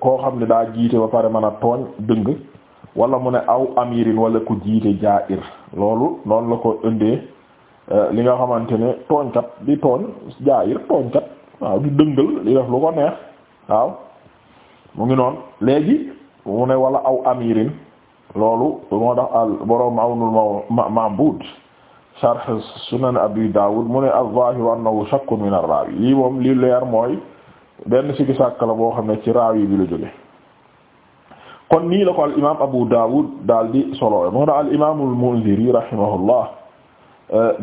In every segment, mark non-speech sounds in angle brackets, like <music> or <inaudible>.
koo xam ne daa jiite ba pare mën a tooñ dëng wala mu ne aw amirin wala ku jiite jaa'ir loolu noonu la ko indee euh, li nga xamante ne tooñkat di tooñ jaa'ir tooñkat waaw di dëngal di def lu ko neex waaw mu ngi noon léegi mu ne wala aw amirin loolu moo tax al borom awnul ma'bud sharh sunan abi dawud mu ne az-zahir annahu shakkun min ar-rawi lii moom li leer mooy benn sigi sàkk la boo xam ne ci raawi bi la jóge kon nii la ko al imaam Abu Dawud daal di solo moo tax al imaamul Munziri rahimahullah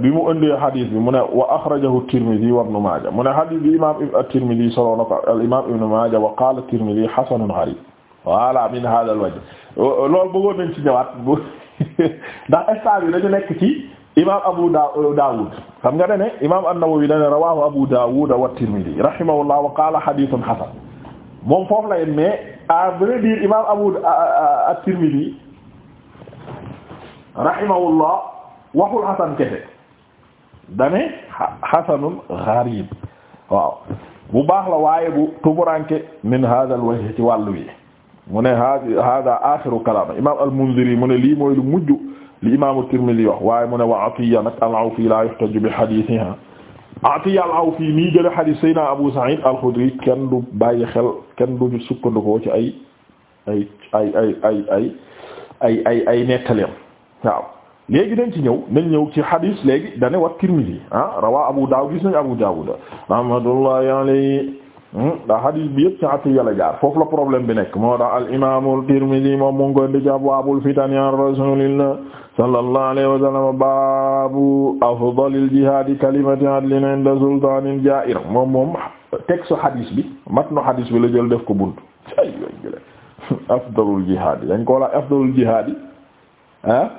bi mu ëndee hadith bi mu ne wa akhrajahu Tirmidhi wa Ibn Majah mu ne hadith bi imaam at-Tirmidhi solo na ko al imaam Ibn Majah wa qala at-Tirmidhi hasanun gharib voilà min hadha al wajh loolu bëggoon nañ ci ñëwaat bu <laughs> ndax instant bi dañu nekk ci. imaam Abu Daawud euh, xam nga ne imaam An-Nawawi dana rawaahu Abu Daawud wa Tirmidhi rahimahullah wa qaala hadiisun hasan moom foofu la yem mais à vrai dire imaam Abu euh, euh, At-Tirmidhi rahimahullah waxul hasan kese dane hasanun gharib waaw bu baax la waaye bu tumuranke min hadha al-wajh ci wàllu hada hada akhiru kalam Al-Munziri mu lii mooy mujj li imaamu Tirmidhi wax waaye mu ne wa Atiyya nag al-Awfi la yuhtaju bi hadithiha Atiyya al-Awfi mii jële hadith Seydina Abu Sa'id al-Khudri kenn du bàyyi xel kenn du sukkandikoo ci ay ay ay ay ay ay ay ay ay nettaleem waaw léegi dañ ci ñëw nañ ñëw ci hadith léegi dane wa Tirmidhi ah rawa Abu Dawud gis nañ Abu Hmm, ndax hadis bi yëpp ci Atiyya la jaar foofu la bi nekk moo tax al imaamul Tirmidhi moom mu ngi koy di abwaabul fitan ya rasulillah sallallahu alayhi wa sallam baabu afdalil jihaadi kalimati adlin inda sultanin jaa'ir moom moom texte hadis bi matnu hadis bi la jël def ko bunt ay <laughs> afdalul jihaadi dañ ko la afdalul jihaadi ah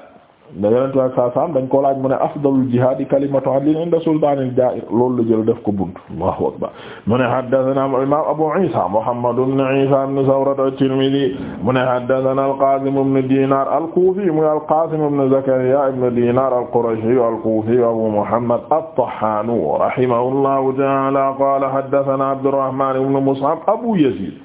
da yonent bi saa saam dañ koo laaj mu ne afdalul jihaadi kalimatu adlin inda sultaanil jaa'ir loolu la jël def ko bunt Allahu akbar mu ne haddathana al-imaam Abu Iisa Muhammad ibn Iisa ibn Sawra at-Tirmidhi mu ne haddathana al-Qaasim ibn Diinaar al-Kuufi muy al-Qaasim ibn Zakariyaa ibn Diinaar al-Qurashi al-Kuufi Abu Muhammad at-Tahhaani rahimahullahu ta'aala qaala haddathana Abdurrahmaan ibn Mus'ab Abu Yaziid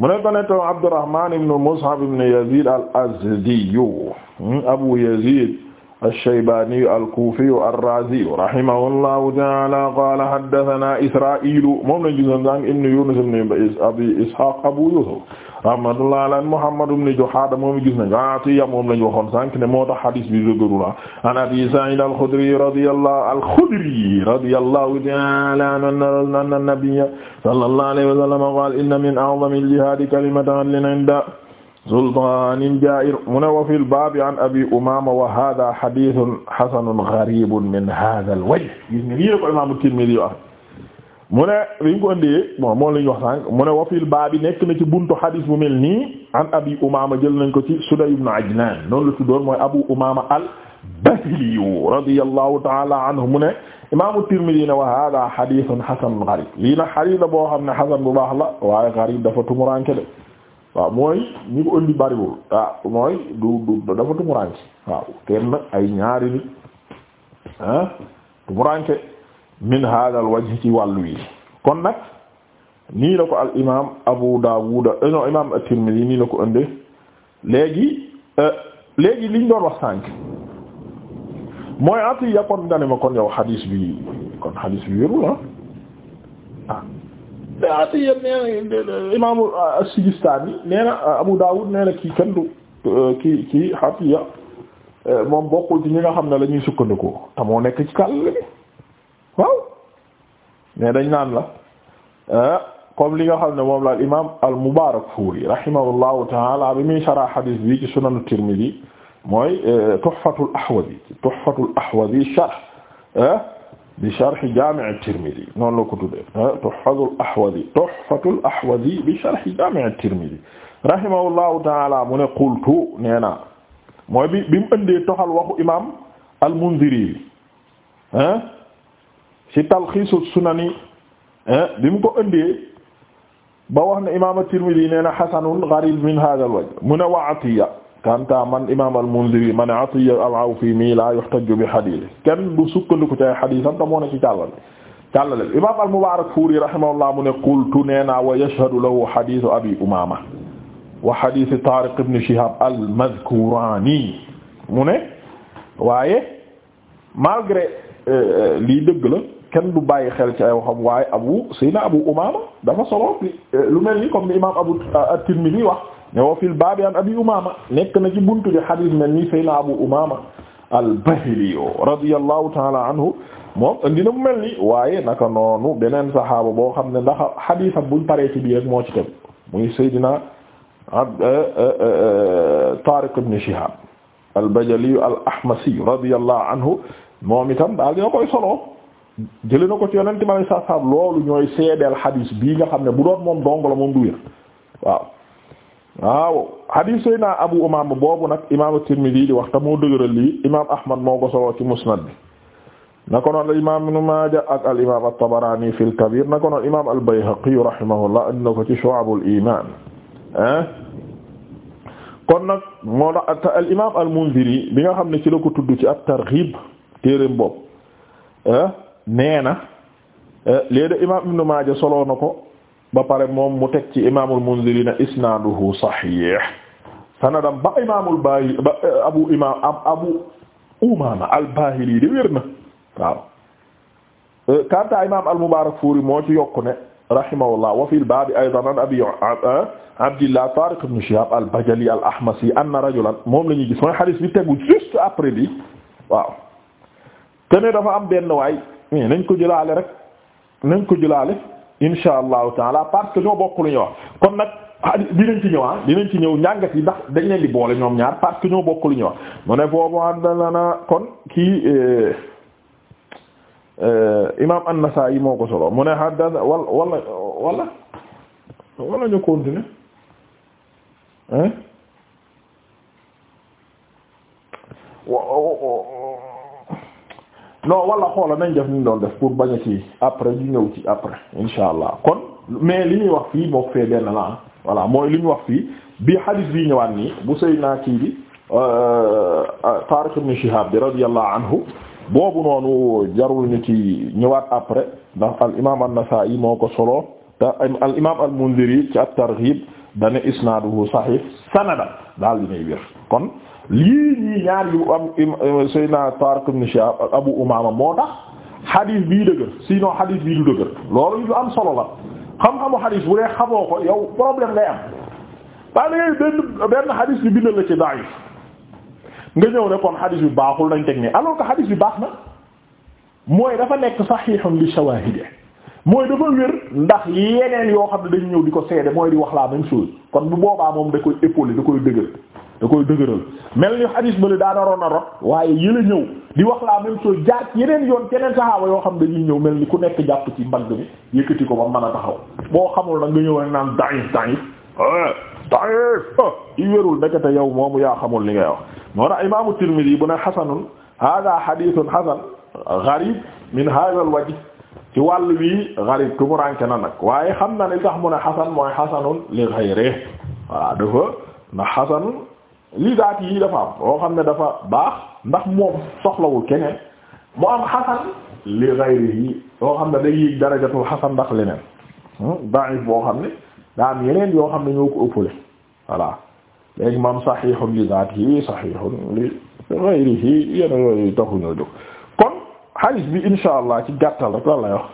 mu ne ko netoo Abdurrahman ibn Mus'ab ibn Yazid al-Azdi hmm, Abu Yazid ash-Shaybani al-Kufi ar-Razi rahimahullahu ta'ala qala haddathana Isra'il moom lañu gisoon ibn Yunus ibn Abi Ishaq Abu Yusuf rahmatullah alan Muhammad ibn Juhaada moom gis nañ Atiyya ah, moom lañ waxoon sànq ne moo tax hadis bi dëgërula an Abi Sa'iid al-Khudri radiyallahu al-Khudri radiyallahu ta'ala anhu anna nabiyya sallallahu alayhi wa sallam qaala inna min a'zami al-jihaadi kalimatan inda sultaanin jaa'ir mu ne wa fil baabi an Abi Umaama wa haadha hadiisun hasanun ghariibun min haadha al-wajh mu ne li ñu ko indee bon moom la wax sànq mu ne wafil baa bi nekk na ci buntu hadis bu mel nii an abi umama jël nañ ko ci Suday ibn Ajlan noonu la tuddoon mooy abu umama al Bahili radiyallahu taala anhu mu ne imaamu Tirmidhi ne wa hada hadithun hasan gharib lii nag hadis la boo xam ne hasan bu baax la waaye gharib dafa tumuranke de waaw mooy ñi ko indi bariwul mooy du du dafa tumuranke waaw kenn ay ñaari nit ah tumuranke min hada al wajh ci wàllu yi kon nag nii la ko al imaam Abu Dawud eh, non imaam at-Tirmidhi nii la ko ëndee léegi eh, léegi liñ doon wax tànk mooy Atiyya kon nga ne ma kon yow xadiis bi kon xadiis bi wérul ah ah te Atiyya nee na imaam as Abu Dawud nee na kii kenn eh, moom bokkul ci ñi nga xam ne lañuy ñuy sukkandikoo te moo nekk ci kàll waaw mais dañ naan la ah, comme li nga xam ne moom la al imam al Mubarakfuri rahimahullahu taala bi muy sharah hadis bi ci sunan Tirmidhi mooy eh, Tuhfatul Ahwazi Tuhfatul Ahwazi sharh bi ah, sharh Jami' at-Tirmidhi noonu la ko tuddee ah, Tuhfatul Ahwazi Tuhfatul Ahwazi bi sharh Jami' at-Tirmidhi rahimahullahu taala mu ne qultu nee naa mooy bi bi mu ëndee toxal waxu imam al-Mundhiri bi ci talxiisu sunani bi mu ko ëndee ba wax ne imaam at-Tirmidhi nee na xasanun gharib min hadha al-wajh mu ne wa Atiya kanta man imaam al-Mundhiri ma ne Atiya al-Awfi mii la yuhtaju bi hadiisi kenn du sukkandiku ci ay hadiisam te moo ne ci càllal càllale imaam al-Mubarakfuri rahimahullah mu ne qultu nee naa wa yashhadu lahu hadiisu Abi Umaama wa hadiisu Taariq ibn Shihaab al-madhkurani mu ne waaye malgré euh, euh, lii dëgg la kenn du bàyyi xel ci ay waxam waay abu sayna abu umama dafa solo eh, lu mel ni comme imam abu eh, at wax ne wa fil nekk na ci buntu di hadith mel ni sayna abu umama al-bahili radiyallahu ta'ala anhu moom indi na mu mel ni waaye naka noonu beneen saxaaba boo xam ne ndax xadiisam buñ paree ci bii rek moo ci tegu muy Seydina eh, Taariq ibn Shihaab al-Bajali al-Ahmasi radiyallahu anhu moom itam daal dina koy solo jële na ko ci yonent ma lay saa saam loolu ñooy seedeel xadiis bii nga xam ne bu doon moom dong la moom du wér waaw waaw xadiis sooy naa abu umaama boobu nag imaamu tirmidi di wax te moo dëgëral lii imaam ahmad moo ko soloo ci musnad na ko noon al imaam ibnu maaja ak al imaam at-tabaraani fil kabiir na al bayhaqi na kon al imaam al munziri bi nga xam ne ci la ko ci at-targhiib téereem boobu ah nee na eh, léegi imaam Ibn Maaja soloo na ko ba pare moom mu teg ci imaamul Munziri na isnaaduhu saxiix sanadam ba imaamul Baahili ba eh, abu imaam abu Umaama al-Baahili di wér na waaw. Eh, kanta imaam al-Mubaarakfuuri moo ci yokku ne rahimahullah wa fil baabi aydan an abi Abdillah Taariq ibn Shihaab al-Bajali al-Ahmasi anna rajulan moom la ñuy gis mooy xadiis bi tegu juste après bi waaw te ne dafa am benn waay. mais nañ ko jëlaale rek nañ ko jëlaale insha allahu taala parce que ñoo bokk lu ñuy wax kon nag ah, dinañ ci ñëw ah dinañ ci ñëw njàngat yi ndax dañ leen di boole ñoom ñaar parce que ñoo bokk lu ñuy kon kii eh, eh, imaam an-Nasaa'i solo mu ne haddana wala wala wala wala ñu continuer non wala xoola nañ def ni doon def pour bañ a kii après ñu ñëw ci après insha allah kon mais li ñuy wax fii moo fee benn naa ah mooy li ñu wax fii bii hadis bii ñëwaat nii bu sëy naa kii bi euh, euh, Tariq ibn Shihab bi radiyallahu anhu boobu noonu jarul ci ñëwaat après ndax al imaam an-Nasa'i moo ko solo te al imaam al-Mundhiri ci at-Targhib dane isnaaduhu sahih sanada daal li wér kon lii ñii ñaar yu am Seydina Tariq ibn Shihab Abu Umama moo tax xadis bii dëgër sinon xadis bii du dëgër loolu lu am solo la xam-xamu xadis bu dee xamoo ko yow problème ngay am parce que benn bi bindal la ci daif nga ñëw ne kon xadis bi baaxul dañ teg ne alors que bi baax na mooy dafa nekk saxiixun li shawaahidi mooy dafa wér ndax yeneen yoo xam ne dañ ñëw di ko seede mooy di wax laa même chose kon bu boobaa moom da koy li da koy dëgër. da koy dëgëral mel ni xadis bale daa naroon a rot waaye yëla ñëw di wax la même chose jaar yeneen yoon keneen saxaaba yoo xam dañuy ñëw mel ni ku nekk jàpp ci mbagg bi yëkkati ko ba mën a taxaw boo xamul nag nga ñëw rek naan daif daif eh, daif eh, i wérul ndekete yow moomu yaa xamul li ngay wax moo tax imaamu Tirmidhi bu ne xasanun hada xadithun xasan gharib min hada al wajh ci wàll wi gharib tumuranke na nag waaye xam na ni tax mu ne xasan mooy xasanun li ghayrihi voilà dafa na xasan li zaati yi dafa am loo xam ne dafa baax ndax moom soxlawul keneen mu am xasan li gayri yi loo xam ne day yéeg darajatul xasan ndax leneen hmm? da'if boo xam ne daa am yeneen yoo xam ne ñoo ko ëppale voilà léegi moom saxiixun li zaati yi saxiixun li gayri yi yenn yooyu taxu ñoo jóg kon xadiis bi insha allah ci gàttal rek lan lay wax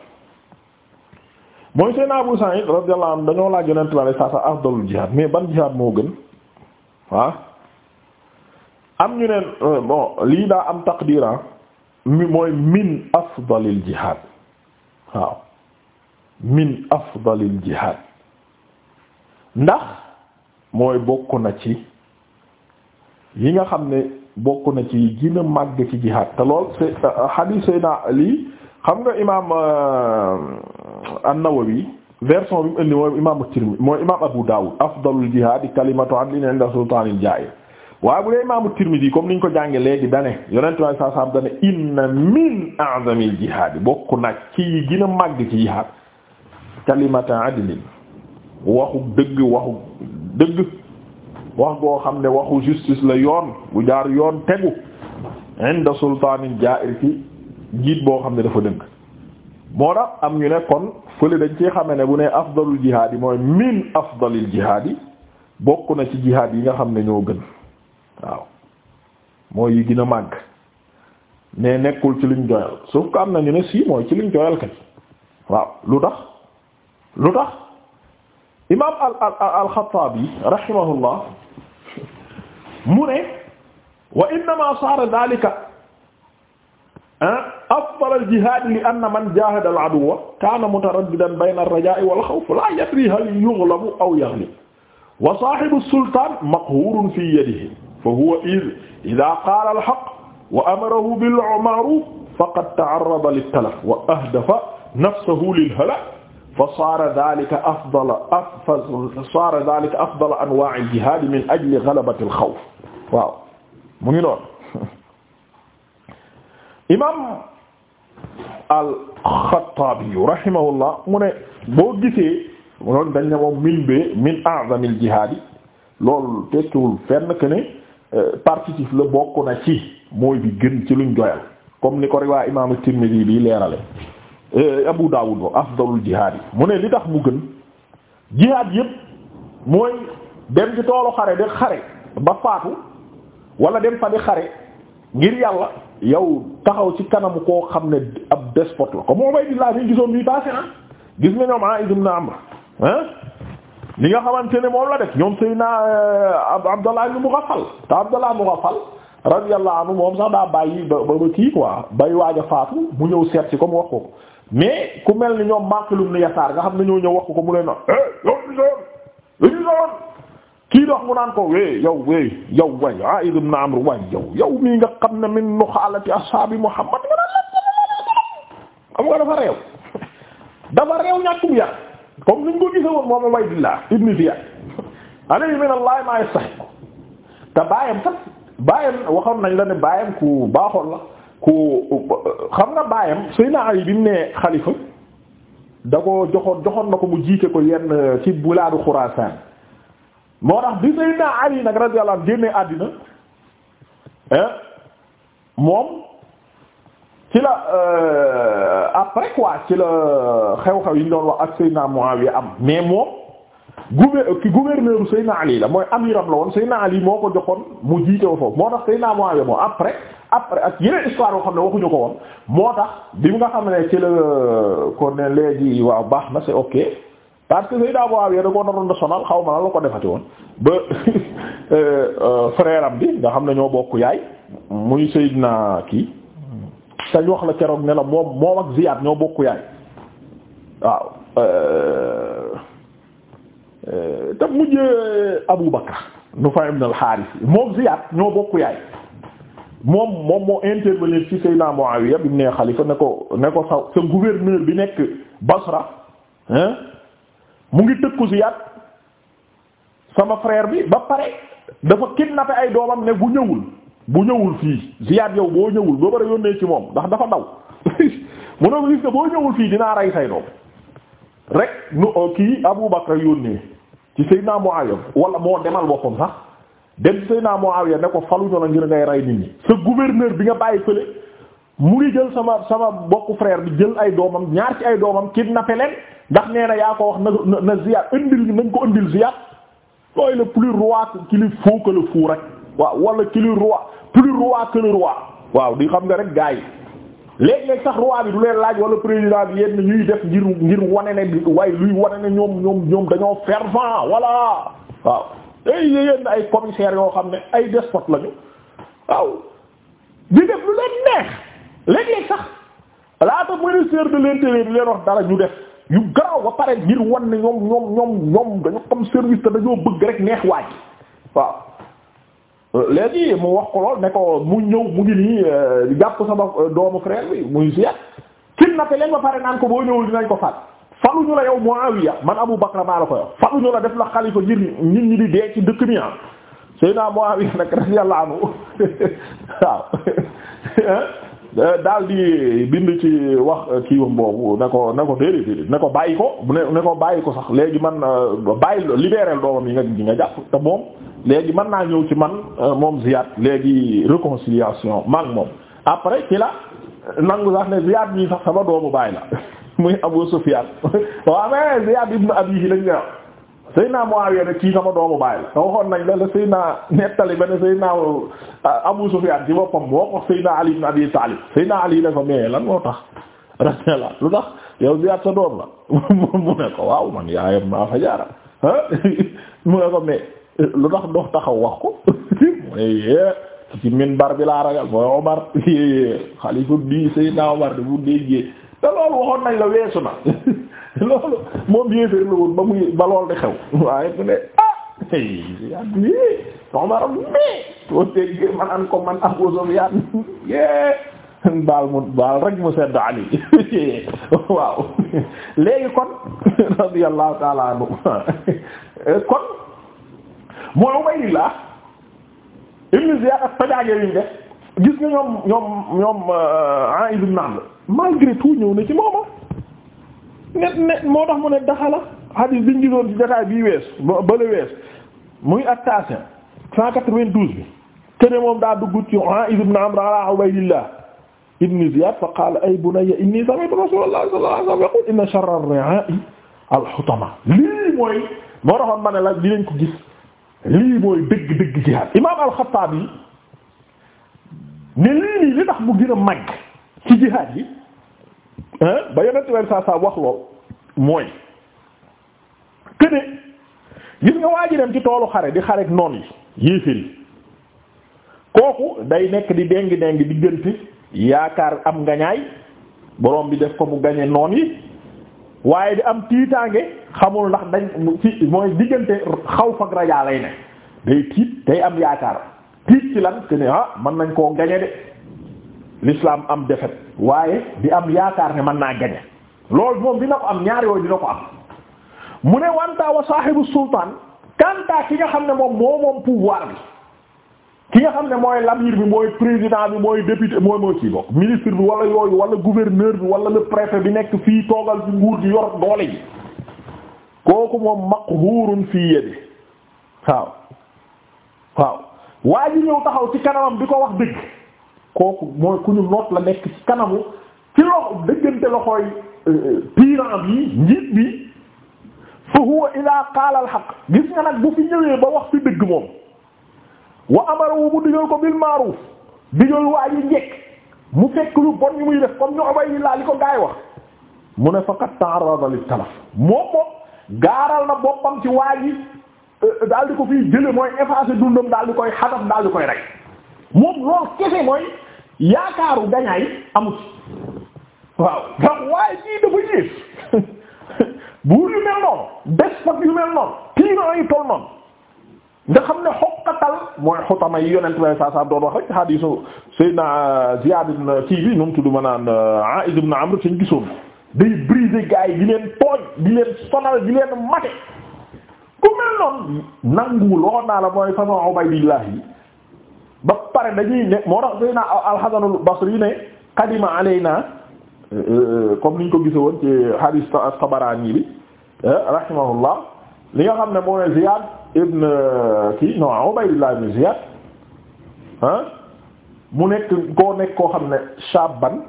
mooy seen Abu Sa'id radiyallahu anhu dañoo laa yonent bi sallallahu alayhi wasallam afdalul jihaad mais ban jihaad moo gën am ñu ne euh, bon lii daa am taqdira ah, mi mooy min afdalil jihad waaw min afdalil jihad ndax mooy bokk na ci yi nga xam ne bokk na ci yi gën a màgg ci jihad te lool c'est euh, hadith sayna xam nga imaam euh, an-Nawawi version bi mu indi mooy imaam at-Tirmidhi Abu Dawud afdalul jihad kalimatu adlin inda sultanil jair waaye bu dee imaamu Tirmidhi comme niñ ko jànge léegi dane yonent waaye saa saam dane inna min a'zamil jihaad bokk nag ci yi gën a màgg ci jihaad kalimata adlin waxu dëgg waxu dëgg wax goo xam ne waxu justice la yoon bu jaar yoon tegu inda sultaanin jaa'ir boo xam ne dafa dëgg moo tax am ñu ne kon fële dañ ci xame ne bu ne afdalul jihaad yi mooy min afdalil jihaad yi bokk na ci jihaad yi nga xam ne ñoo gën waaw mooy yi gën a màgg mais nekkul ci liñ joyal sauf que am na ñu ne si mooy ci liñ joyal kay waaw lu tax lu tax imaam al al al Xattaabi rahimahullah mu ne wa innama saara daalika ah, afdal al jihaad li anna man jaahada al aduwwa kaana mutaraddidan bayna ar rajaa'i wal xawf laa yadrii hal yughlabu aw yaghlib wa saahibu sultaan maqhuurun fii yadihi fa huwa id ida qaala alxaq wa amarahu bil ma'ruuf faqad ta'arrada lit-talaf wa ahdafa nafsahu lil-halak fa saara daalika afdala fa saara daalika afdala anwaa'i al-jihaad min ajli galabati al-xawf waaw mu ngi noonu imaam al-Xattaabi rahimahullah mu ne boo gisee loolu dañ ne moom min be min a'zamil jihaad loolu tekkiwul fenn que ne partitif la bokk na ci mooy bi gën ci luñ doyal comme ni ko riwaa imaamu Tirmidhi bi leerale eh, Abu Dawud ba afdalul jihaad yi mu ne li tax mu gën jihaad yépp mooy dem ci toolu xare di xare ba faatu wala dem fa di xare ngir yàlla yow taxaw ci kanamu koo xam ne ab despote la comme Ubaydillah bi ñu gisoon bii passé na gis nga ñoom Aïd ibn Amr ah li nga xamante ne moom la def ñoom Seydina Abdallah ibn Mughaffal te Abdallah Mughaffal radiyallahu anhu moom sax daa bàyyi ba ba kii quoi bay waaj a faatu mu ñëw seet si comme wax ko mais ku mel ni ñoom Maqilum ni Yasaar nga xam na ñoo ñëw wax ko mu leen na yow di kii dox mu naan ko wéy yow wéy yow way ah ibn Amr way yow yow mii nga xam ne min nuxaalati ashaabi Muhammad xam nga dafa réew dafa réew ñàkkum yar comme niñ ko gise woon moom Ubaydillah ibn Ziyad alayhi min Allah ma yastahiq te baayam kat baayam waxoon nañ la ne baayam ku baaxoon la ku xam nga baayam Seydina Ali bi mu ne xalifa da ko joxoon joxoon na ko mu jiite ko yenn ci bulaadu Xuraasaan moo tax bi Seydina Ali nag radiyallahu anhu génne àddina moom ci la euh, après quoi ci la xew-xew yi ñu doon wax ak Seydina Muawiya am mais moom gouverneur ki gouverneur Seydina Ali la mooy amiram la woon Seydina Ali moo ko joxoon mu jiite woon moo tax Seydina Muawiya moom après après ak yeneen histoire moo tax bi mu nga xam ne ci waaw baax na c'est ok parce que Seydina Muawiya da ko woon ba <laughs> euh, euh, bi nga xam ne ñoo yaay muy Seydina kii sañ wax la keroog ne la moom moom ak Ziyaad ñoo bokku yaay waaw euh, euh, te mujj euh, Abu Bakr Nufay ibn al-Haaris moom Ziyaad ñoo bokku yaay moom moom moo intervenir ci Seydina Muawiya bi mu nee xalifa ne ko ne ko sa sa gouverneur bi nekk Basra mu ngi tëkku Ziyaad sama frère bi ba pare dafa kidnappé ay doomam ne bu ñëwul bu ñëwul fii Ziyad yow boo ñëwul boo bëri yónnee ci moom ndax dafa daw <laughs> mu ne ko gis nga boo ñëwul fii dinaa rey say doom rek nu euh, kii Abu Bakr yónnee ci Seydina Muawiya wala moo demal boppam sax dem ci Seydina Muawiya ne ko faluñu la ngir ngay rey nit ñi sa gouverneur bi nga bàyyi fële mu ngi jël sama sama bokku frère bi jël ay doomam ñaar ci ay doomam kidnappé leen ndax nee yaa ko wax na na Ziyad indil nañ ko indil Ziyad looy le plus roi qu'il faut waaw wala ci le roi plus waaw di xam nga rek gaa yi léeg-léeg sax roi bi du leen laaj wala président bi yenn ñuy def ngir ngir wane ne waaye luy wane na ñoom ñoom ñoom dañoo fervent voilà waaw ay eh, yéen ay commissaires yoo xam ne ay despotes lañu waaw di def lu leen neex léeg-léeg sax laata ministère de l'intérieur di leen wax dara ñu def yu garaaw ba pare ngir wan ne ñoom ñoom ñoom ñoom dañu service te dañoo bëgg rek neex waaj waaw Euh, léegi mu wax ko lool ne ko mu ñëw mu ngi nii euh, jàpp sama euh, doomu frère bi muy Ziyad kidnappé leen ba pare naan ko boo ñëwul dinañ ko faat faluñu la yow Muawiya man Abu Bakr maa la ko yow faluñu la def la xalifa ngir nit ñi di dee ci dëkk mi ah Seydina Muawiya nag radiyallahu anhu <laughs> waaw <laughs> daal di bind ci wax kii wam boobu ne ko ne ko déedéet déedéet ne ko bàyyi ko ne ko bàyyi ko sax léegi man bàyyi libéral doomam yi nga nga jàpp te moom léegi mën naa ñëw ci man euh, moom Ziyad léegi réconciliation maag moom après ci la euh, nangu sax ne Ziyad bi sax sama doomu baay la <laughs> muy Abu Sufyan <laughs> waaw mais Ziyad ibn Abihi lañ nga Seyna ki ne kii sama doomu baay la waxoon nañ la la Seyna nettali ba ne Seyna m euh, Sufyan ci boppam boo ko Seyna Ali ibn Abi Talib Seyna Ali ne ko mais lan moo tax <laughs> rajala lu tax yow Ziyad sa doom la mu ne ko waaw man yaayam maa fa jaara mu ne ko mais lu tax dox taxaw wax ko <laughs> eh, ci minbar bi laa ragal mooy Omar <laughs> eh, xalifa bi Seydina Omar di bu déggee te loolu waxoon nañ la weesu na <laughs> loolu moom yéeféer la woon ba muy ba lool di xew waaye mu ne ah yàgg eh, Omar baal mu baal rek mu sedd Ali waaw léegi kon radiyallahu ta'ala kon mooy Ubaydillah ibn Ziyad ak tajaage gis nga ñoom ñoom ñoom euh, Aïd ibn Amr malgré tout ñëw na ci moo tax mu ne daxala hadis biñ gisoon ci wees bële wees muy attation cent quatre vingt bi kene moom daa dugg ci Aïd ibn Amr ibn Ziyad fa ay bunayya inni sami'tu Rasulullah sallallahu alayhi wa sallam yaqul inna sharra al-hutama lii mooy moo taxoon ma ne la gis lii mooy dëgg-dëgg jihaad imaam al-Xattaabi ne lii li tax mu gën mag màgg ci jihaad yi ba yonent bi saa saa wax lool mooy këne gis nga waa ji ci toolu xare di xare ak noon yi yéeféer kooku day nekk di déng déng diggante yaakaar am ngañaay borom bi def ko mu gañe noon yi waaye di am tiitaange xamul ndax dañ ci mooy diggante xaw ak rajaa lay ne day tiit day am yaakaar tiit ci lan te ne ah mën nañ koo gañe de l'islam am defet waaye di am yaakaar ne mën naa gañe lool moom dina ko am ñaar yooyu dina ko am mu ne wanta wa saaxibu sultaan kanta ki nga xam ne moom moo moom pouvoir bi ki nga xam ne mooy lamir bi mooy président bi mooy député mooy moo ci bokk ministre bi wala yooyu wala gouverneur bi wala le préfet bi nekk fii toogal ci nguur gi yor doole ji kooku moom maqhurun fii yadi waaw waaw waa ji ñëw taxaw ci kanamam bi ko wax dëgg kooku mooy ku ñu noot la nekk ci kanamu ci loxo dëggante loxooy euh, tyran bi njiit bi fa huwa ila qaala al gis nga nag bu fi ñëwee ba wax fi dëgg moom wa amarawu mu digal ko bil ma'ruf digal waa yi njekk mu fekk lu bon ñu muy def comme ñu obay yi laa li ko gaay wax mu ne faqat ta'arrada lit talaf moom moom gaaral na boppam ci waa yi euh, di ko fiy jële mooy effacé dundam daal di koy xadaf daal koy rey moom loolu kese mooy yaakaaru gañaay amut waaw ndax waaye jii dafa yées <laughs> bu yu mel noonu des fag yu mel noonu kii na ay tol noonu nga xam ne xoqatal mooy xutama yi yonent bi saa saa doon wax rek hadiisu Seydina Ziyaad ibn kii bi nu mu tudd ma naan euh, Aa'id ibn Amr suñ gisoon day briser gars yi leen tooñ di leen sonal di leen mate ku mel noonu nanguwul waxoon naa la mooy façon Ubaydillah yi ba pare dañuy ne moo tax Seydina al-Hasan al-Basri yi ne qadima alaynaa euh, euh, comme niñ ko gisoon ci hadiis Tabaraani bi rahimahullah li nga xam ne moo ne Ziyad ibn euh, kii non Ubaydullah mu nekk koo nekk koo xam ne shaban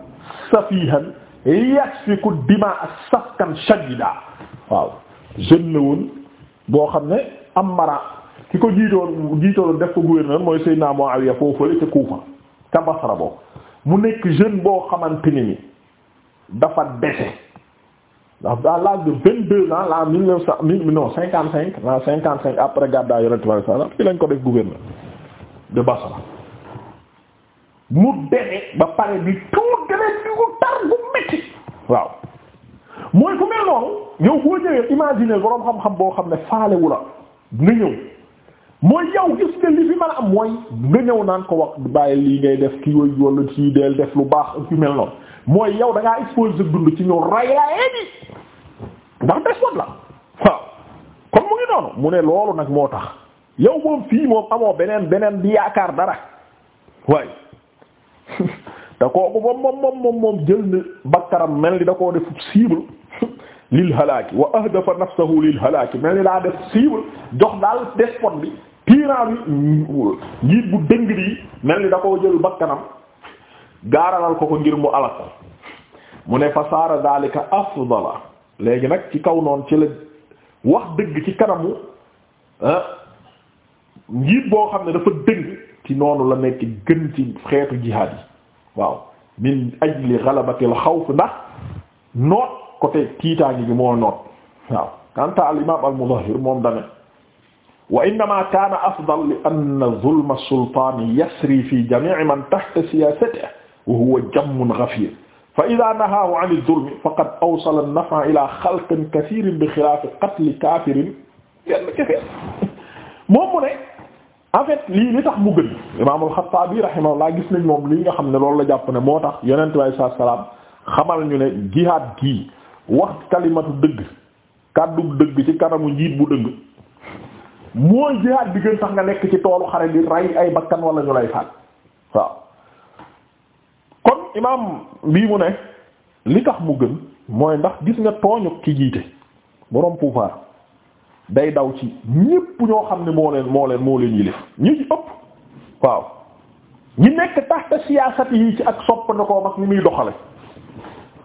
safihan yasfiku dimaa safkan shadida waaw jeune la woon boo xam ne am mara ki ko jiitoon jiitoon def ko gouverneur mooy Seydina Muawiya foofule ca Kufa ca Basra mu nekk jeune boo xamante ni dafa dese ndax à l'âge de vingt deux ans la mille neuf cent mille non cinquante cinq la cinquante cinq après gàddaay yonent bi sallallahu alayhi wasallam fii lañ ko def gouverneur de Basra mu dene ba pare bi tuur dene di ko tar gu métti waaw mooy ku boo xam-xam boo xam ne faalewu la nga ñëw mooy yow gis nga li fi mën a am mooy nga ñëw naan ko wax bàyyi lii ngay def ki yooyu wala ci deel def lu baax ak yu mel mooy yow da ngaa exposé ci ñu ray laa gi ndax despote la waaw kon mu ngi noonu mu ne loolu nag moo tax yow moom fii moom amoo beneen beneen di yaakaar dara waaye <laughs> te kooku moom moom moom moom moom jël na bakkaram mel ni da koo def cible <laughs> lil halaaki wa ahdafa nafsahu lil halaaki mel ni daa def cible jox daal despote bi tyran njiit bu dëng bi mel ni da koo jël bakkanam gaaralal ko ko ngir mu alak mu ne fa saara daalika afdala léegi nag ci kaw noonu ci la wax dëgg ci kanamu ah, njiit boo xam ne dafa dëgg ci noonu la nekk gën ci xeetu jihaad yi waaw min ajli ghalabatil xawf ndax noot côté tiitaangi bi moo noot waaw kanta al imam al mudahhir moom dane wa innama kaana afdal li anna zulma sultaani yasri fi jami'i man tahta siyaasatihi wa huwa jammun ghafir fa ida nahaahu an az-zulmi faqad awsala an-naf'a ila xalqin kathirin bi xilaafi qatli kaafirin moom mu ne en lii li tax mu gën imaam al-Xattaabi rahimahullah gis nañ moom li nga xam ne loolu la jàpp ne moo tax yonent bi alayhi salaatu salaam xamal ñu ne jihaad gii wax kalimatu dëgg kàddu dëgg ci kanamu njiit bu dëgg mooy jihaad bi gën tax nga nekk ci toolu xare di rey ay bakkan wala ñu lay faat waaw imaam bii mu ne li tax mu gën mooy ndax gis nga tooñu ki jiite boroom pouvoir day daw ci ñépp ñoo xam ne moo leen moo leen moo leen yilif ñi ci ëpp waaw ñi nekk taxta siyaasat yi ci ak sopp na ko mag ni muy doxale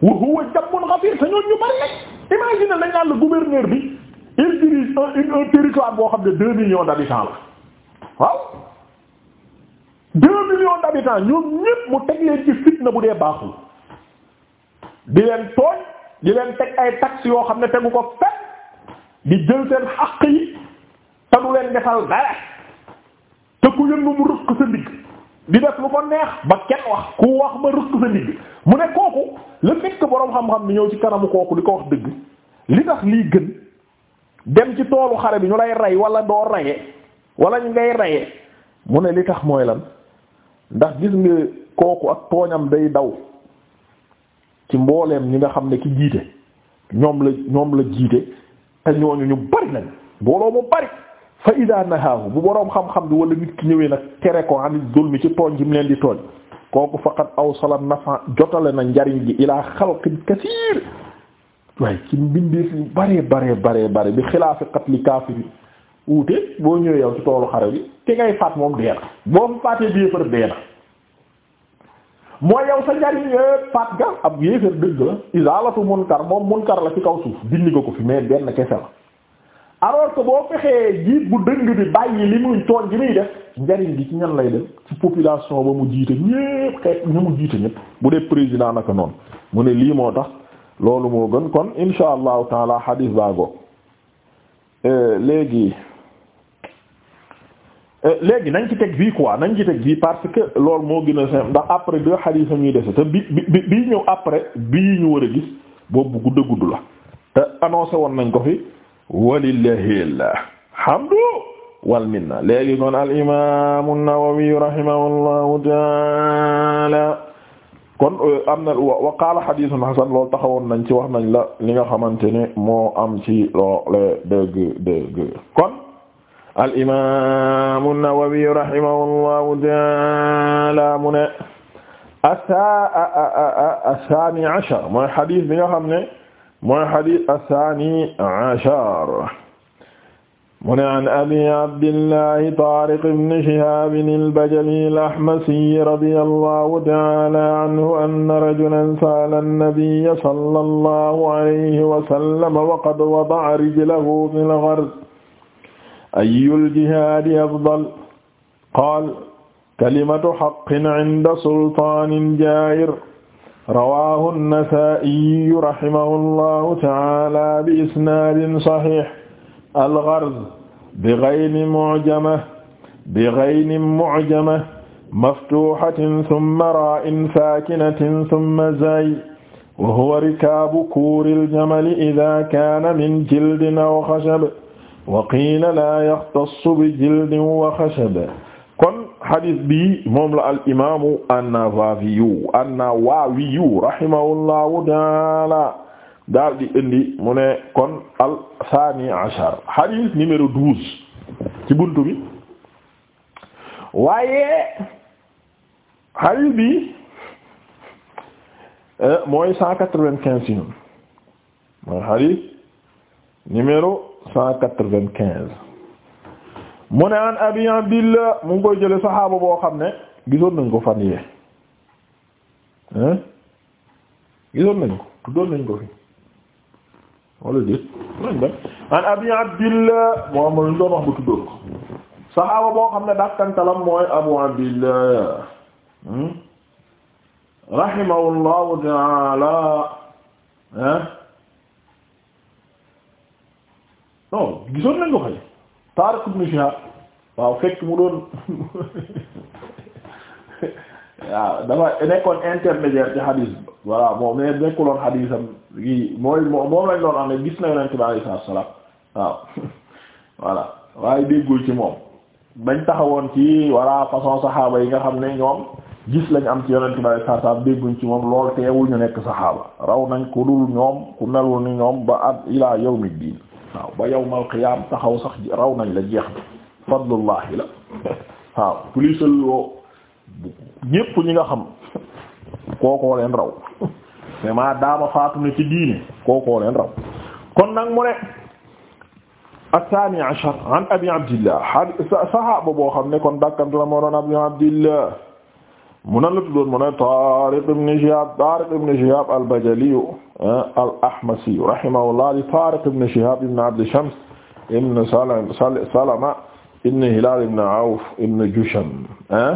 wa huwa jabun xafir te ñoon ñu bari rek imagine lañ naan le bi il dirige un territoire boo xam ne deux millions d'habitants la waaw deux millions d'habitants ñoom ñépp mu teg leen ci fitna bu dee baaxul di leen tooñ di leen teg ay taxes yoo xam ne tegu ko fet di jël seen xaq yi te du leen defal dara te ku yëngu mu rëkk sa ndigg di def lu ko neex ba kenn wax ku wax ba rëkk sa ndigg mu ne kooku la fekk boroom xam-xam ni ñëw ci kanamu kooku di ko wax dëgg li tax lii gën dem ci toolu xare bi ñu lay rey wala doo reye wala ñu ngay reye mu ne li tax mooy lan ndax gis nga kooku ak tooñam day daw ci mbooleem ñi nga xam ne ki jiite ñoom la ñoom la jiite te ñooñu ñu bari nañ mbooloo mu bari fa ida nahaahu bu boroom xam-xam bi wala nit ki ñëwee nag tere ko anit zulmi ci tooñ gi mu leen di tooñ kooku aw awsala nafa jotale na njariñ gi ilaa xalqin kasiir waaye ci mbindeef yu baree baree bare bi xilaafi qatli bi wuute boo ñëwee yow ci toolu xare bi ki ngay faat moom dee na boo faatee bi yéefar dee na mooy yow sa njariñ yépp faat ga ab yéefar dëgg la izalatu munkar moom munkar la ci kaw suuf dindi nga ko fi mais benn kese la alors que boo fexee jiit bu dëng bi bàyyi li muy tooñ gi muy def njariñ gi ci ñan lay dem ci population ba mu jiite ñépp xeet ñu mu jiite ñépp bu dee président naka noonu mu ne lii moo tax loolu moo gën kon insha allahu taala hadis baa ngoog euh, léegi Euh, léegi nañ ci teg bii quoi nañ ci teg bii parce que loolu moo gën a simple ndax après deux hadith ñuy dese te bi bi bii ñëw après bii ñu war a gis boobu gudd a gudd la te annoncé woon nañ ko fi walillahi alhamdu wal minna léegi kon al imam an-Nawawi rahimahullahu taala kon euh, am na wa qaala hadithun hasan loolu taxawoon nañ ci wax nañ la li nga xamante ne moo am ci loole dëgg dëgg kon al imaamu Nawawi rahimahullahu ta'ala mu ne asaani ashar mooy xadis bi nga xam ne mooy xadis asaani ashar mu ne an abi abdillahi Taariq ibn Shihaab al-Bajali al-Ahmasi radiyallahu ta'ala anhu anna rajulan sa'ala an-nabiyya sallallahu alayhi wa sallam wa qad wada'a rijlahu fil gharz ayyul jihaadi afdal qaal kalimatu haqqin inda sultaanin jaa'ir rawaahu an-nasaa'iyu rahimahullahu ta'aala bi isnaadin sahiih al-gharz bi ghayni mu'jama bi ghayni mu'jama maftuuhatin thumma raa'in saakinatin thumma zay wa huwa rikaabu kuuril jamali idhaa kaana min jildin aw khashab wa qiila laa yaxtassu bi jildin wa kon hadis bi moom al imaamu an-Nawawiyu an-Nawawiyu rahimahullahu taala daal indi mu ne kon al saani ashar hadis numéro douze ci bi waaye hadis bi eh, mooy cent quatre-vingt-quinze mooy hadis numéro cent quatre-vingt-quinze mu ne an abi abdillah mu ngi koy jële saxaaba boo xam ne gisoon nañ ko fan yee gisoon nañ ko tuddoon nañ ko fi wala déet nañ dem an abi abdillah moo am luñ doon wax bu tuddoon ko saxaaba boo xam ne dakkantalam mooy abu abdillah hmm? rahimahullahu taala non gisoon nañ ko fay Tariq ibn Shihab waaw fekk mu doon <laughs> waaw dafa nekkoon intermédiaire ci hadis voilà moom nekkuloon hadisam yi mooy moom lañ doon am ne gis na yonent bi alayhi salaam waaw <laughs> waaye déggul ci moom bañ taxawoon ci voilà façon saxaaba yi nga xam ne ñoom gis lañ am ci yonent bi alayhi dégguñ ci moom lool teewul ñu nekk saxaaba raw nañ ku dul ñoom ku nelul ni ñoom ba ad ilaa yawmi diin waaw ba yow ma taxaw sax raw nañ la jeex na fadlullahi la waaw plus loo ñépp ñi nga xam kookoo leen raw mais ma daama faatu ne ci diine leen raw kon nag mu ne athani ashar an abi abdillah sahaaba boo xam ne kon dàkkante la moo doon abi abdillah mu nan la tuddoon mu ne Tariq ibn Shihab Tariq ibn Shihab al-Bajali eh, al-Ahmasi rahimahullah li Tariq ibn Shihab ibn Abd Shams ibn Salama ibn Hilal ibn Awf ibn Jusham eh,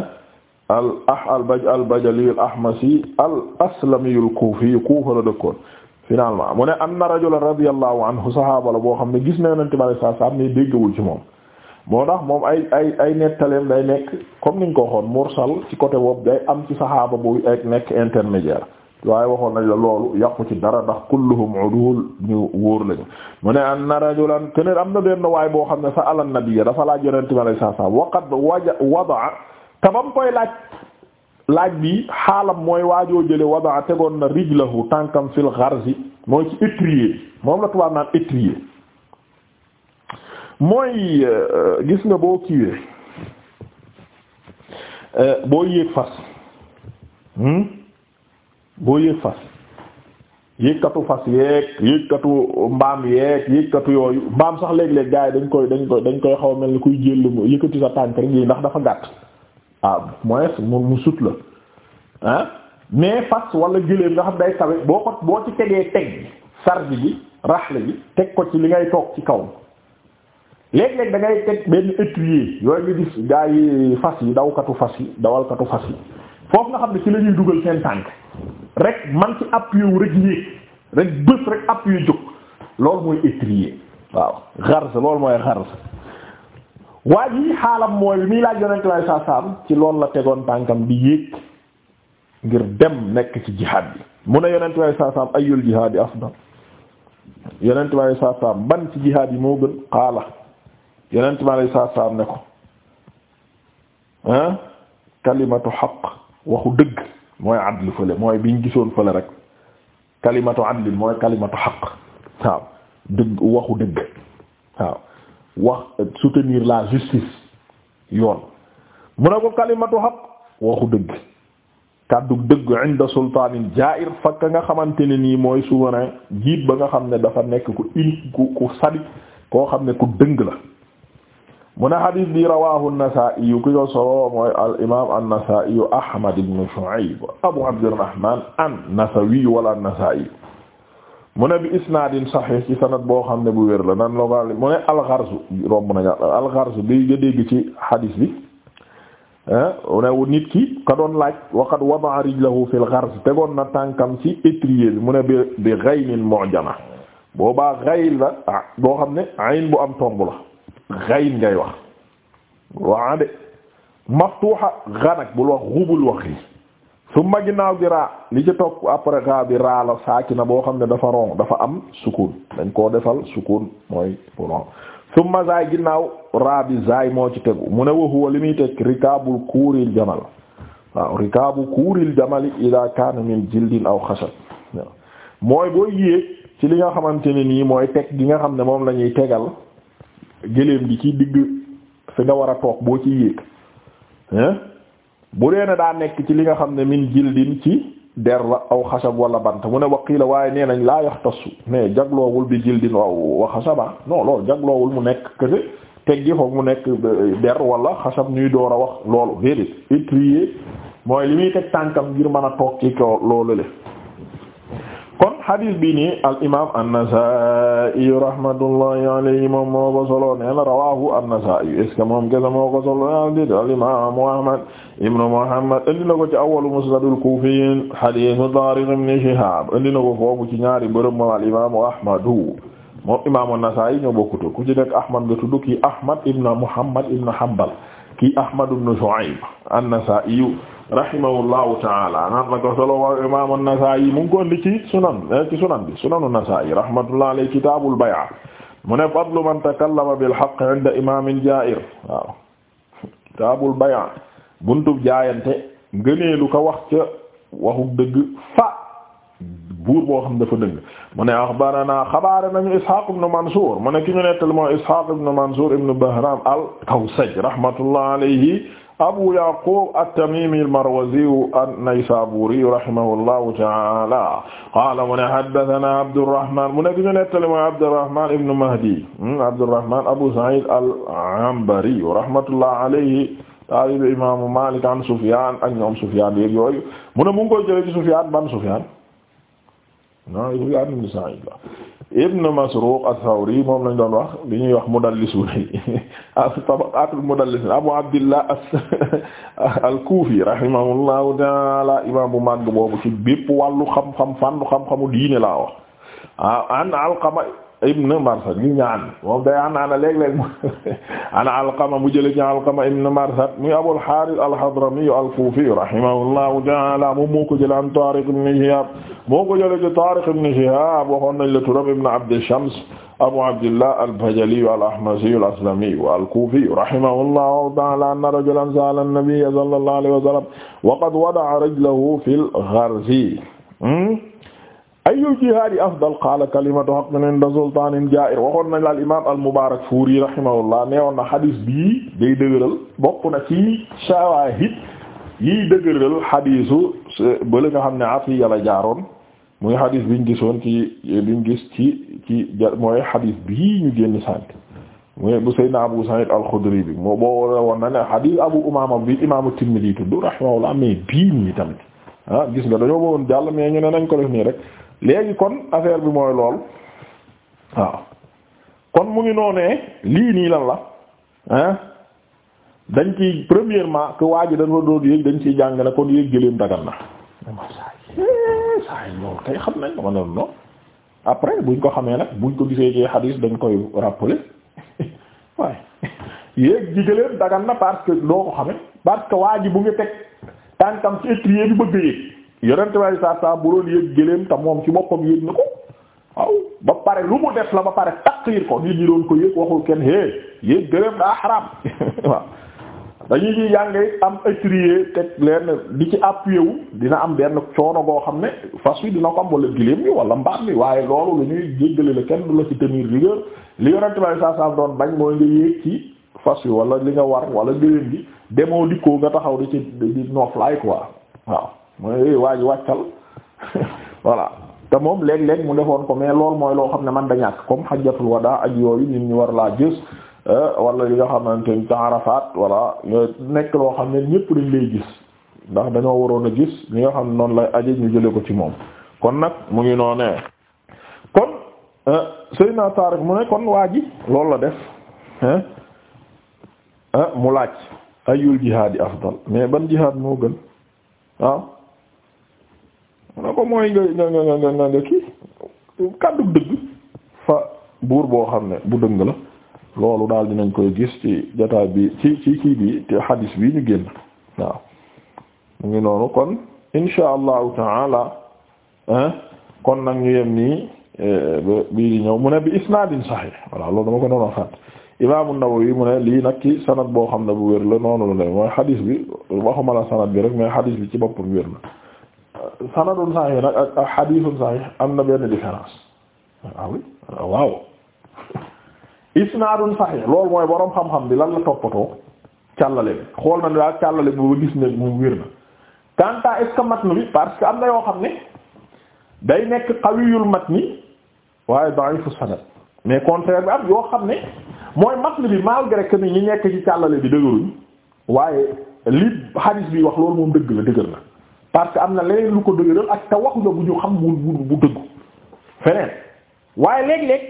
al-Bajali al-Ahmasi al-Aslami al-Kufi Kufa la dëkkoon finalement mu ne anna rajulan radiyallahu anhu sahaaba la boo xam ne gis na Yonent bi sallallahu alayhi wa sallam ne déggawul ci moom moo tax moom ay ay ay nettaleem day nekk comme niñ ko waxoon mursal ci côté boobu day am ci saxaaba bu ak nekk intermédiaire waaye waxoon na la loolu yàqu ci dara ndax kulluhum udul ñu wóor lañu mu ne na anna rajulan keneen am na benn waay boo xam ne sa ala nabiyya dafa laaj yonente bi alayhi salaam waqad waja wadaa te bam koy laaj laaj bi xaalam mooy waajoo jële wadaa tegoon na rijlahu tànkam fil gharzi mooy ci étrier moom la tubaab naan étrier mooy euh, gis nga boo kiiwee euh, boo yéeg fas hmm? boo yéeg fas yéegkatu fas yeeg yéegkatu mbaam yeeg yéegkatu yooyu mbaam sax léeg-léeg gaa yi dañ koy dañ koy dañ koy xaw a mel ni kuy jël yëkkati sa tànk rek yi ndax dafa gàtt ah moins mu mu sut la ah mais fas wala gëléem nga xam day kawe boo ko boo ci tegee teg sardi bi raxle bi teg ko ci li ngay toog ci kaw léeg-léeg da ngay teg benn étrier yooyu nga gis gaa yi fas yi dawkatu fas yi dawalkatu fas yi foofu nga xam ne ci la ñuy dugal seen tànk rek man ci appui wu rek yéeg rek bës rek appui jóg loolu mooy étrier waaw xars loolu mooy xars waa ji xaalam mooy bi muy laaj yonent lay saa saam ci loolu la tegoon tànkam bi yéeg ngir dem nekk ci jihaad bi mu ne yonent lay saa saam ayul jihaad yi afdal yonent lay ban ci jihaad yi moo gën xaala yeneen mi alay saat salaam ne ko kalimatu xaq waxu dëgg mooy adl fële mooy biñ gisoon fële rek kalimatu adlin mooy kalimatu xaq waaw dëgg waxu dëgg waaw wax soutenir la justice yoon mu ne ko kalimatu xaq waxu dëgg kàddu dëgg inda sultaanin jaa'ir fakk nga xamante ne nii mooy souverain jiit ba nga xam ne dafa nekk ku in ku ku sadi koo xam ne ku dëng la mu ne hadis bi rawahu an-Nasaa'iyu ki ko solo mooy al-imaam an-Nasaa'iyu Ahmad ibn Shu'ayb Abu Abdirrahmaan an-Nasawiyu wala an mu ne bi isnaadin saxiix ci sanad boo xam ne bu wér la nan la mu ne al-Gharz romb nañu al-Gharz bi nga dégg ci hadis bi ah, ne nit ki ka doon laaj wa qad wada'a rijlahu fil gharz tegoon na tànkam ci étrier bi mu ne bi bi ghaynin mu'jama boobaa ghayl la ah, boo xam ne ayn bu am tomb la. gayn ngay wax waa de maftuuxa ganak bul wax xubul wax yi su ma ginaaw gi raa li ci topp après raa bi raa saaki na boo xam ne dafa ron dafa am sukun dañ koo defal sukun mooy ron su ma zaay ginnaaw raa bi zaay moo ci tegu mu ne waxuwa li muy teg rikaabul kuuril jamal waaw rikaabu kuuril jamali ida kaana min jildin aw xasal mooy boo yéeg ci li nga xamante ne nii mooy teg gi nga xam ne moom lañuy tegal géléem gi ci digg fi nga war a toog boo ci yéeg bu dee ne daa nekk ci li nga xam ne min jildin ci der la aw xasab wala bant mu ne waqiila waaye nee nañ laa yaxtassu mais jagloowul bi jildin waaw wa xasaba non loolu jagloowul mu nekk kese teggi foog mu nekk euh, der wala xasab ñuy door a wax loolu déedéet étrier mooy li muy teg tànkam ngir mën a toog ci kaw loolu le kon xadis bi nii al imaam an-Nasaa'i rahmatullahi alayhi moom moo ko solo nee na rawaahu an-Nasaa'i est ce que moom kese moo ko solo al imaam Ahmad ibn Muhammad indi ko ci awwalu musnadul kuufiyyiin xadiisu Taariq ibn Shihaab indi ko foofu ci ñaari bërëb moom al imaam Ahmadu moom imaam an-Nasaa'i ñoo bokkutoo ku ci nekk Ahmad nga tudd kii ibn Muhammad ibn Hanbal kii Ahmad ibn Shu'ayb an-Nasaa'i rahimahullahu taala naan la ko solo imam an-Nasa'i mu ngi ko indi ci sunan eh, ci sunan bi sunan an-Nasa'i rahmatullahi alayhi kitabul bay' mu ne fadlu man takallama bil haqq 'inda imamin ja'ir waaw kitabul bay' buntub jaayante ngëneelu ko wax ca waxu dëgg fa buur boo xam dafa dëgg mu ne axbarana xabaare nañu Ishaq ibn Mansur mu ne ki ñu nettal moo Ishaq ibn Mansur ibn Bahram al-Kawsaj rahmatullahi alayhi Abu Yaqub at-Tamimi al-Marwazi an-Naysaburi rahimahullahu ta'ala qala mu ne haddathana Abdurrahman mu ne di ñu nettali mooy Abdurrahman ibn Mahdi hmm, Abdurrahman Abu Sa'id al-Anbari rahmatullah alayhi talib imam Malik an Sufyan ak ñoom Sufyan yéeg yooyu mu ne mu ngi koy jëlee ci Sufyan ban Sufyan non Sufyaan ibn Sa'iid la Ibn Masruuq as-Sawri moom lañ doon wax li ñuy wax mudallisuun <laughs> tabaqaatul mudallisuun Abu Abdillah <laughs> al-Kuufi rahimahullahu ta'aala imaam bu màgg boobu ci bépp wàllu xam-xam fànn xam-xamu diine laa wax ah, an Alqama ibn Marsad li ñaan moom day an ana léeg-léeg mu ana <laughs> Alqama mu jële ci Alqama ibn Marsad muy Abul Harith al-Hadrami al-Kufi rahimahullahu ta'ala moom moo ko jële an Tariq ibn Shihab moo ko jële ci Tariq ibn Shihab waxoon nañ la turam ibn Abd Shams Abu Abdillah al-Bajali al-Ahmasi al-Aslami al-Kufi rahimahullahu ta'ala anna rajulan sa'ala an-nabiy sallallahu alayhi wa sallam wa qad wada'a rijlahu fil gharzi hmm? ayyul jihaadi afdal qaala kalimatu haqqin inda sultaanin jaa'ir waxoon nañ la al imaam al mubaarakfuuri rahimahullah neewoon na xadis bii day dëgëral bokk na ci shawaahid yi dëgëral xadisu bële nga xam ne Atiyya la jaaroon muy xadis biñ gisoon ci biñ gis ci ci ja mooy xadis bii ñu génn sànq muy bu Seydina Abu Saïd al-Khudri bi moo boo woon na ne xadis Abu Umaama bi imaamu Tirmidi tudd rahimahullah mais bii nii tamit ah gis nga dañoo bëggoon jàll mais ñu ne nañ ko def nii rek. léegi kon affaire bi mooy lool waaw kon mu ngi noonee lii nii lan la ah dañ ci premièrement que waa ji dafa doon yéeg dañ ciy jàng ne kon yéeg gëléem dagan na kay xam nañ dama nen noonu après buñ ko xamee nag buñ ko gisee ci xadiis dañ koy rappeler <laughs> waaye yéeg ji gëléem dagan na parce que doo ko xamee parce que waa ji bu ngi teg tànkam ci étrier bi bëgg yéeg yonent bi saa saa bu doon yëg gëléem te moom ci boppam yëg na ko waaw ba pare lu mu def la ba pare taqiir ko nit ñi doon ko yëg waxul kenn hee yëg gëléem daa xaraam <laughs> waaw dañuy ci jànge am étrier teg leen di ci appuyé wu dina am benn coono goo xam ne fas wi dina ko am wala giléem gi wala mbaam bi waaye loolu lu ñuy jéggale la kenn du la ci tenir rigueur li yonent bi saa saa doon bañ mooy nga yéeg ci fas wi wala li nga war wala gëléem gi demoo dikkoo nga taxaw di ci di noflaay quoi waaw mooy eh, waa ji wàccal <laughs> voilà te moom léeg-léeg mu defoon ko mais loolu mooy loo xam ne man da ñàkk comme xajjatul wadaa ak yooyu nit ñi war laa gis eh, wala li nga xamante ni Arafat voilà nekk loo xam ne ñépp dañ lay gis ndax dañoo waroon a gis li nga xam ne noonu lay aje ñu jële ko ci moom kon nag mu ngi ne kon eh, Seydina Tariq mu ne kon waa ji loolu la def mu laaj ayul jihaad yi afdal mais ban jihaad moo gën waaw na ko mooy nga nga nga nga nga kii kàddu dëgg fa buur boo xam ne bu dëng la loolu daal dinañ koy gis ci jotaay bi ci ci kii bi te xadis bi ñu génn waaw mu ngi noonu kon insha allahu taala kon nag ñu yem nii eh, bii di ñëw mu ne bi isnaadin saxiix voilà loolu dama ko noonu fàtt imaamu Nawawi mu ne lii nag ki sanad boo xam ne bu wér la noonu la ne mooy xadis bi waxuma la sanad bi rek mais xadis bi ci boppam wér la sanadun sahih nag am na benn différence waaw ah waaw isnaadun sahih loolu mooy borom xam-xam bi lan la toppatoo càllale bi xool na ne daal càllale bi ba gis ne moom wér na quant à matn bi parce que am na yoo xam ne day nekk qawiyul matni waaye da'ifu sanad mais contraire bi am yoo xam ne mooy matn bi malgré que ni ñi nekk ci càllale bi dëgëruñ waaye li hadith bi wax loolu moom dëgg la dëgër na parce que am na leneen lu ko dëgëral ak te wax nga bu ñu xam bu bu dëggu feneen waaye léeg-léeg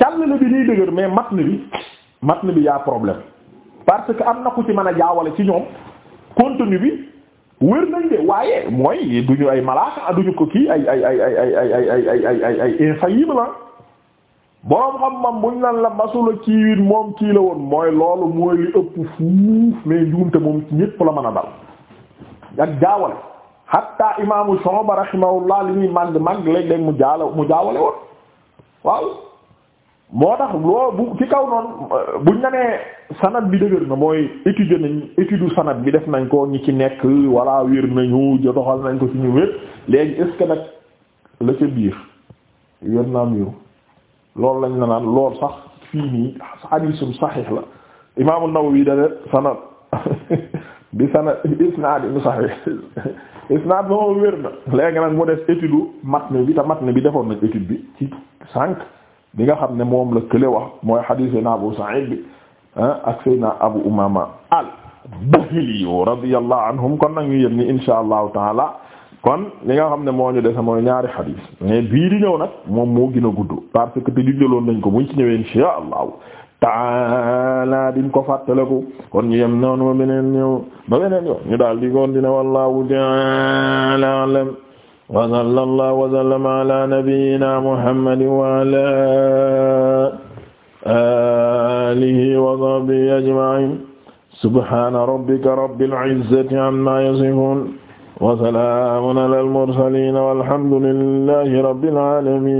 càllale bi ñuy dëgër mais matn bi matn bi yaa problème parce que am na ku ci mën a jaawale ci ñoom contenu bi wér nañ de waaye mooy du ñu ay malaaka duñu ko kii ay ay ay ay ay ay ay ay ay ay ay infaillible boroom xam-xam buñ lan la masula kiiwin moom kii la woon mooy loolu mooy li ëpp fuuf mais njuumte moom ñépp la mën a dal ak jaawale hatta imaamu Shu'ba rahimahullah li ñuy màgg màgg léeg-léeg mu jaaloo mu jaawale woon waaw moo tax loo bu ci kaw noonu euh, buñ na nee sanad bi dëgër na mooy étudier nañ étude sanad bi def nañ ko ñu ci nekk walla wér nañu doxal nañ ko ci ñu wér léegi est-ce que nag la ca biir wér naa miiru loolu lañ la naan lool sax fii nii hadiisum saxiix la imaamu Nawawi dane sanad <laughs> bi sanad isnaadin sahih <laughs> isnaad moom wér na léegi nag mu def étude matn bi te matn bi defoon nañ étude bi ci sànq bi nga xam ne moom la kële wax mooy hadith sayna Abu Sa'id bi ah, ak sayna Abu Umama al-Bahili radiyallahu anhum kon nag ñu yem ni insha allahu taala kon li nga xam ne moo ñu dese mooy ñaari hadith mais bii di ñëw nag moom moo gin a gudd parce que te ju jëloon nañ ko buñ ci ñëwee insha allahu taala dim ko fàttaliku kon ñu yem noonu ba beneen ñëw ba beneen yoon ñu daal di continuer wallahu ta'ala a'lam wa sallallahu wa sallama ala nabiyyina muhammadin wa ala alihi wa sahbihi ajma'in subhana rabbika rabbil izzati amma yasifun wa salamun ala al mursalin walhamdulillahi rabbil alamin